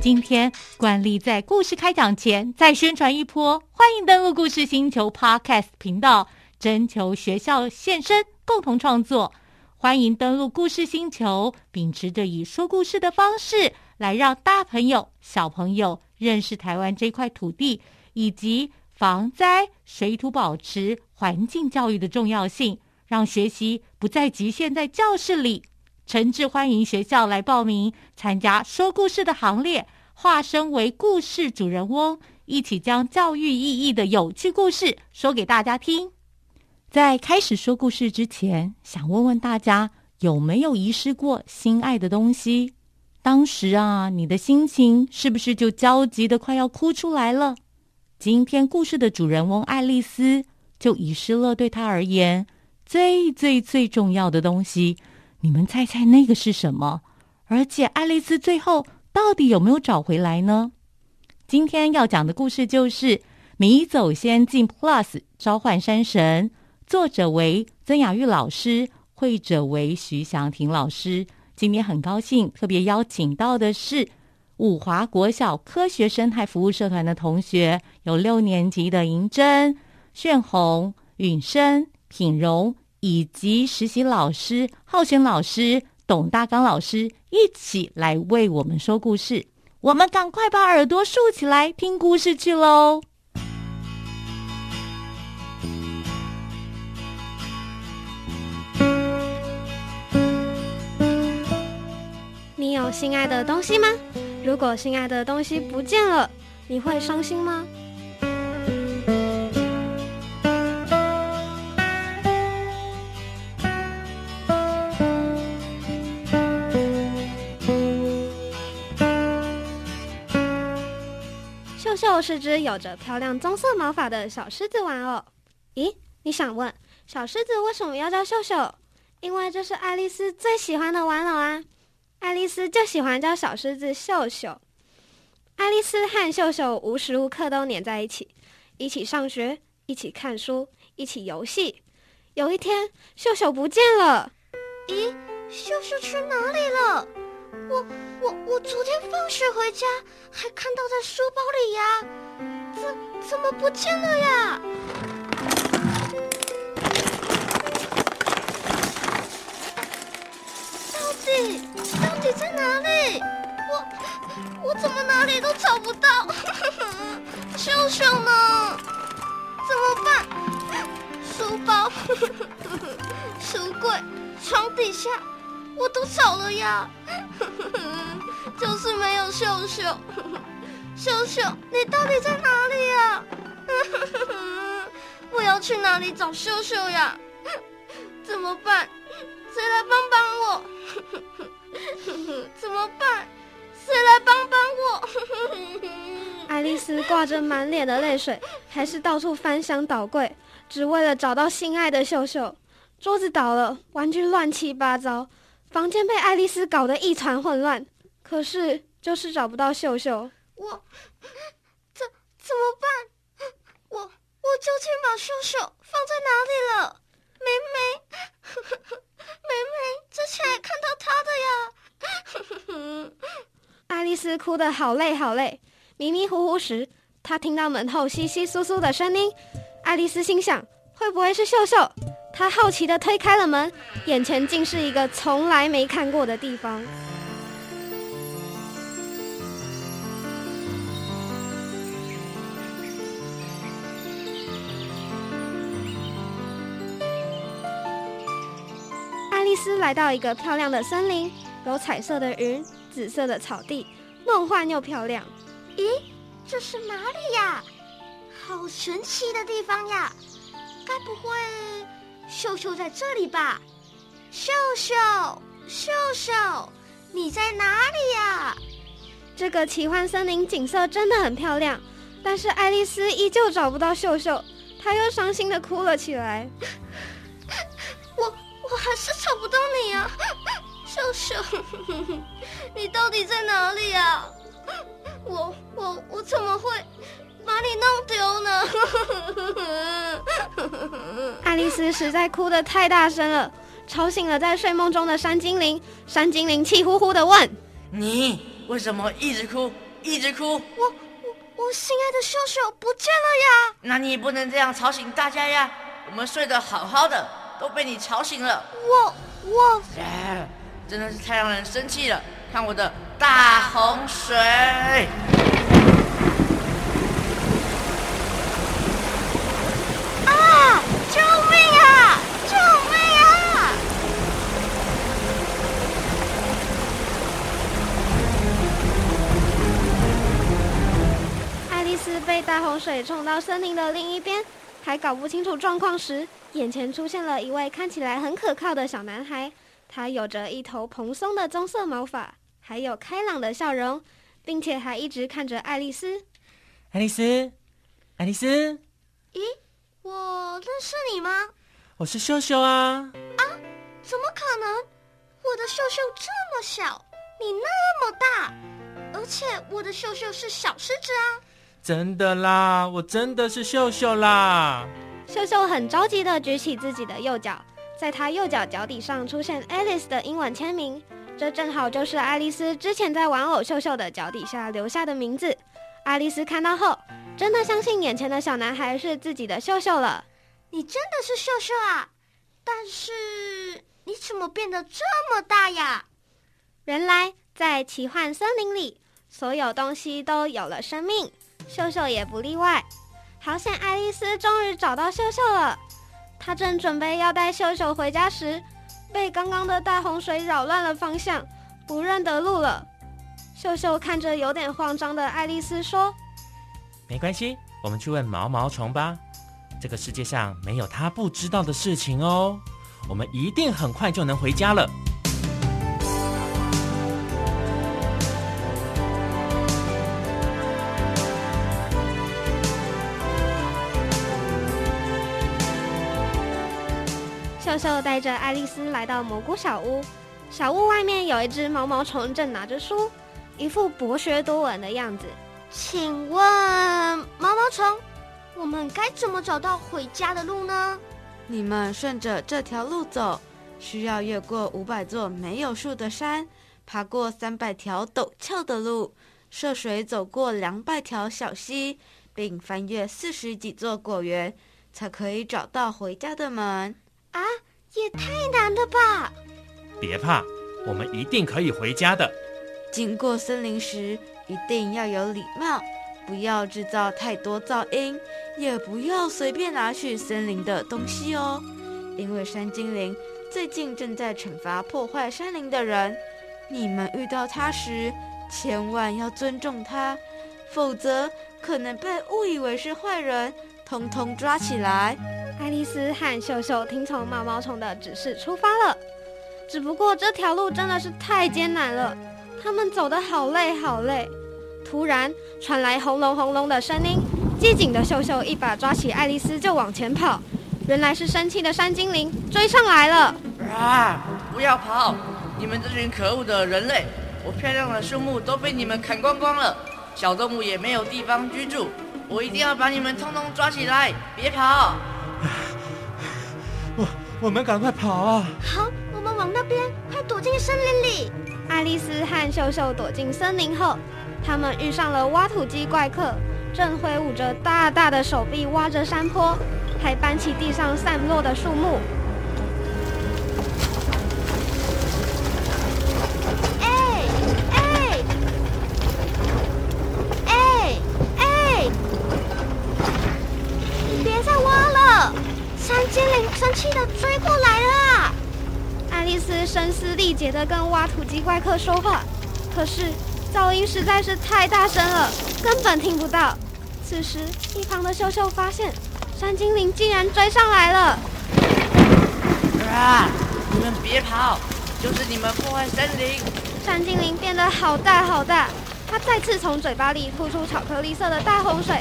今天慣例在故事開講前再宣傳一波，歡迎登錄故事星球 Podcast 頻道，徵求學校現身共同創作。歡迎登錄故事星球，秉持着以說故事的方式來讓大朋友、小朋友認識台灣這塊土地，以及防災、水土保持、環境教育的重要性，讓學習不再局限在教室裡。誠摯歡迎學校來報名參加說故事的行列，化身為故事主人翁，一起將教育意義的有趣故事說給大家聽。在開始說故事之前，想問問大家有沒有遺失過心愛的東西？當時啊，你的心情是不是就焦急的快要哭出來了？今天故事的主人翁愛麗絲就遺失了對她而言最最最重要的東西。你們猜猜那個是什麼？而且愛麗絲最後到底有沒有找回來呢？今天要講的故事就是《迷走仙境 Plus 召喚山神》，作者為曾雅瑜老師，繪者為徐祥庭老師。今天很高興特別邀請到的是五華國小科學生態服務社團的同學，有六年級的吟榛、玹竤、允升、品蓉。以及實習老師皓媗老師、董大鋼老師一起來為我們說故事，我們趕快把耳朵豎起來聽故事去嘍！你有心愛的東西嗎？如果心愛的東西不見了，你會傷心嗎？是隻有着漂亮棕色毛髮的小獅子玩偶。咦，你想問小獅子為什麼要叫秀秀？因為這是愛麗絲最喜歡的玩偶啊！愛麗絲就喜歡叫小獅子秀秀。愛麗絲和秀秀無時無刻都黏在一起，一起上學，一起看書，一起遊戲。有一天，秀秀不見了。咦，秀秀去哪裡了？我我我昨天放學回家還看到在書包裡呀、啊，怎怎麼不見了呀？到底到底在哪裡？我我怎麼哪裡都找不到，呵呵。秀秀呢？怎麼辦？書包、呵呵書櫃、床底下。我都找了呀，就是沒有秀秀。秀秀，你到底在哪裡呀？我要去哪裡找秀秀呀？怎麼辦？誰來幫幫我？怎麼辦？誰來幫幫我？愛麗絲掛着滿臉的淚水，還是到處翻箱倒櫃，只為了找到心愛的秀秀。桌子倒了，玩具亂七八糟。房間被愛麗絲搞得一團混亂，可是就是找不到秀秀。我怎怎麼辦？我我究竟把秀秀放在哪裡了？梅梅，梅梅之前看到她的呀。 愛麗絲哭得好累好累，迷迷糊糊，糊時，她聽到門後窸窸窣窣的聲音。愛麗絲心想：會不會是秀秀？他好奇的推開了門，眼前竟是一個從來沒看過的地方。愛麗絲來到一個漂亮的森林，有彩色的雲、紫色的草地，夢幻又漂亮。咦、欸，這是哪裡呀？好神奇的地方呀！該不會……秀秀在這裡吧？秀秀，秀秀，你在哪裡呀？這個奇幻森林景色真的很漂亮，但是愛麗絲依舊找不到秀秀，她又傷心地哭了起來。我，我還是找不到你啊！秀秀，你到底在哪裡啊？我，我，我怎麼會？把你弄丟呢！愛 麗絲實在哭得太大聲了，吵醒了在睡夢中的山精靈。山精靈氣呼呼地問：“你為什麼一直哭，一直哭？”“我我我心愛的秀秀不見了呀！”“那你不能這樣吵醒大家呀！我們睡得好好的，都被你吵醒了。我”“我我、啊……真的是太讓人生氣了！看我的大洪水！”被大洪水沖到森林的另一邊，還搞不清楚狀況時，眼前出現了一位看起來很可靠的小男孩。他有着一頭蓬鬆的棕色毛髮，還有開朗的笑容，並且還一直看着愛麗絲。愛麗絲，愛麗絲。咦，我認識你嗎？我是秀秀啊。啊，怎麼可能？我的秀秀這麼小，你那麼大，而且我的秀秀是小獅子啊。真的啦，我真的是秀秀啦！秀秀很着急地舉起自己的右腳，在他右腳腳底上出現愛麗絲的英文簽名，這正好就是愛麗絲之前在玩偶秀秀的腳底下留下的名字。愛麗絲看到後，真的相信眼前的小男孩是自己的秀秀了。你真的是秀秀啊！但是你怎麼變得這麼大呀？原來在奇幻森林裡，所有東西都有了生命。秀秀也不例外，好險！愛麗絲終於找到秀秀了。她正準備要帶秀秀回家時，被剛剛的大洪水擾亂了方向，不認得路了。秀秀看着有點慌張的愛麗絲說：“沒關係，我們去問毛毛蟲吧。這個世界上沒有他不知道的事情哦，我們一定很快就能回家了。”秀秀帶着愛麗絲來到蘑菇小屋。小屋外面有一只毛毛蟲，正拿着書，一副博學多聞的樣子。請問毛毛蟲，我們該怎麼找到回家的路呢？你們順着這條路走，需要越過五百座沒有樹的山，爬過三百條陡峭的路，涉水走過兩百條小溪，並翻越四十幾座果園，才可以找到回家的門。啊，也太難了吧！別怕，我們一定可以回家的。經過森林時，一定要有禮貌，不要制造太多噪音，也不要隨便拿取森林的東西哦。因為山精靈最近正在懲罰破壞山林的人，你們遇到他時，千萬要尊重他，否則可能被誤以為是壞人，統統抓起來。愛麗絲和秀秀聽從毛毛蟲的指示出發了，只不過這條路真的是太艱難了，他們走得好累好累。突然傳來轟隆轟隆的聲音，機警的秀秀一把抓起愛麗絲就往前跑，原來是生氣的山精靈追上來了。啊！不要跑！你們這群可惡的人類，我漂亮的樹木都被你們砍光光了，小動物也沒有地方居住，我一定要把你們通通抓起來，別跑！我們趕快跑啊！好，我們往那邊，快躲進森林裡。愛麗絲和秀秀躲進森林後，他們遇上了挖土機怪客，正揮舞着大大的手臂挖着山坡，還搬起地上散落的樹木。氣得追過來了，愛麗絲聲嘶力竭地跟挖土機怪客說話，可是噪音實在是太大聲了，根本聽不到。此時，一旁的秀秀發現，山精靈竟然追上來了。啊！你們別跑，就是你們破壞森林！山精靈變得好大好大，它再次從嘴巴裡吐出巧克力色的大洪水，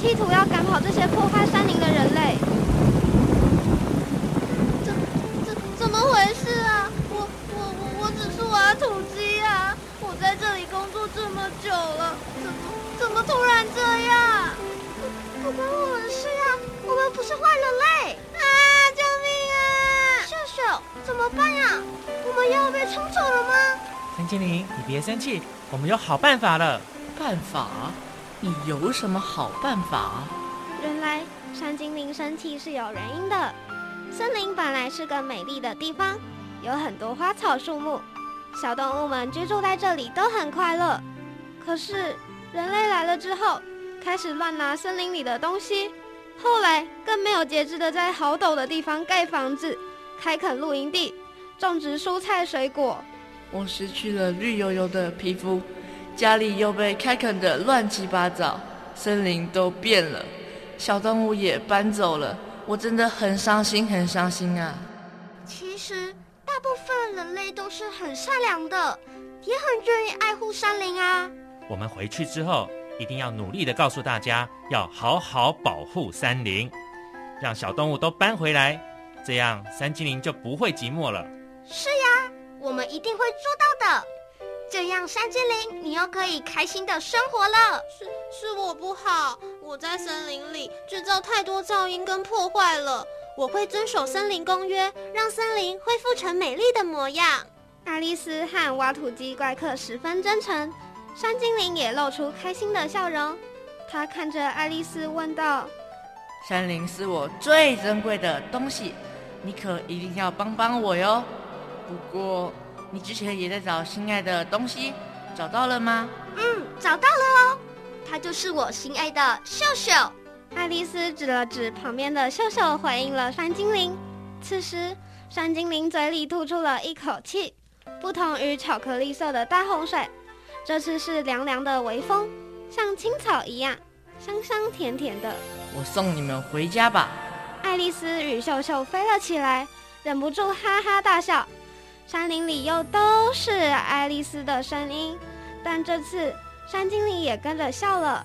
企圖要趕跑這些破壞森林的人類。土雞呀、啊，我在這裡工作這麼久了，怎麼怎麼突然這樣？不關我們的事呀，我們不是壞人類啊！救命啊！秀秀，怎麼辦呀？我們要被沖走了嗎？山精靈，你別生氣，我們有好辦法了。辦法？你有什麼好辦法？原來山精靈生氣是有原因的。森林本來是個美麗的地方，有很多花草樹木。小動物們居住在這裡都很快樂，可是人類來了之後，開始亂拿森林裡的東西，後來更沒有節制地在好陡的地方蓋房子、開墾露營地、種植蔬菜水果。我失去了綠油油的皮膚，家裡又被開墾得亂七八糟，森林都變了，小動物也搬走了，我真的很傷心，很傷心啊。其實。部分人類都是很善良的，也很願意愛護山林啊。我們回去之後一定要努力的告訴大家，要好好保護山林，讓小動物都搬回來，這樣山精靈就不會寂寞了。是呀，我們一定會做到的。這樣山精靈，你又可以開心的生活了。是，是我不好，我在森林裡制造太多噪音跟破壞了。我會遵守森林公約，讓森林恢復成美麗的模樣。愛麗絲和挖土機怪客十分真誠，山精靈也露出開心的笑容。他看着愛麗絲問道：“山林是我最珍貴的東西，你可一定要幫幫我喲。不過，你之前也在找心愛的東西，找到了嗎？”“嗯，找到了哦，他就是我心愛的秀秀。”愛麗絲指了指旁邊的秀秀，回應了山精靈。此時，山精靈嘴裡吐出了一口氣，不同於巧克力色的大洪水，這次是涼涼的微風，像青草一樣，香香甜甜的。我送你們回家吧。愛麗絲與秀秀飛了起來，忍不住哈哈大笑。山林裡又都是愛麗絲的聲音，但這次山精靈也跟着笑了。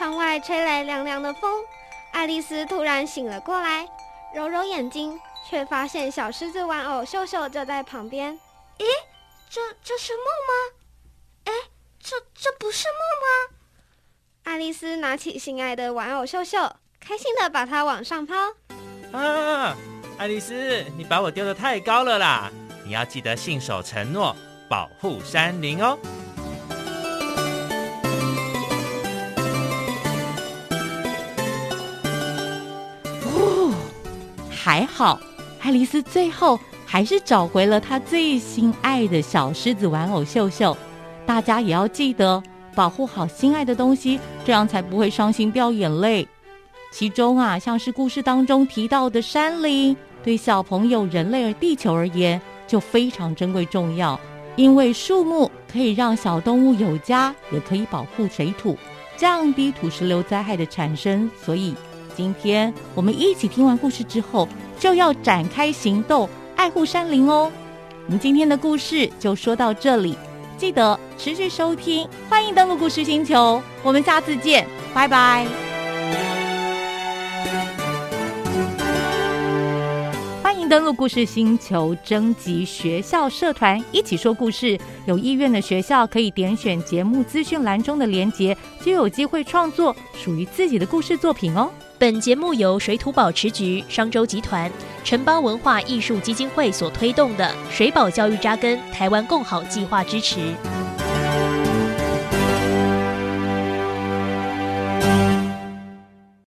窗外吹來涼涼的風，愛麗絲突然醒了過來，揉揉眼睛，卻發現小獅子玩偶秀秀就在旁邊。咦？這這是夢嗎？誒，這這不是夢嗎？愛麗絲拿起心愛的玩偶秀秀，開心地把它往上拋。啊，愛麗絲，你把我丟得太高了啦！你要記得信守承諾，保護山林哦。好，愛麗絲最後還是找回了她最心愛的小獅子玩偶秀秀。大家也要記得保護好心愛的東西，這樣才不會傷心掉眼淚。其中啊，像是故事當中提到的山林，對小朋友、人類、地球而言就非常珍貴重要。因為樹木可以讓小動物有家，也可以保護水土，降低土石流災害的產生，所以。今天我們一起聽完故事之後，就要展開行動，愛護山林哦。我們今天的故事就說到這裡，記得持續收聽，歡迎登陸故事星球，我們下次見，拜拜。歡迎登陸故事星球，徵集學校社團一起說故事，有意願的學校可以點選節目資訊欄中的鏈接，就有機會創作屬於自己的故事作品哦。本節目由水土保持局、商周集團、城邦文化藝術基金會所推動的“水保教育扎根台灣共好計劃”支持。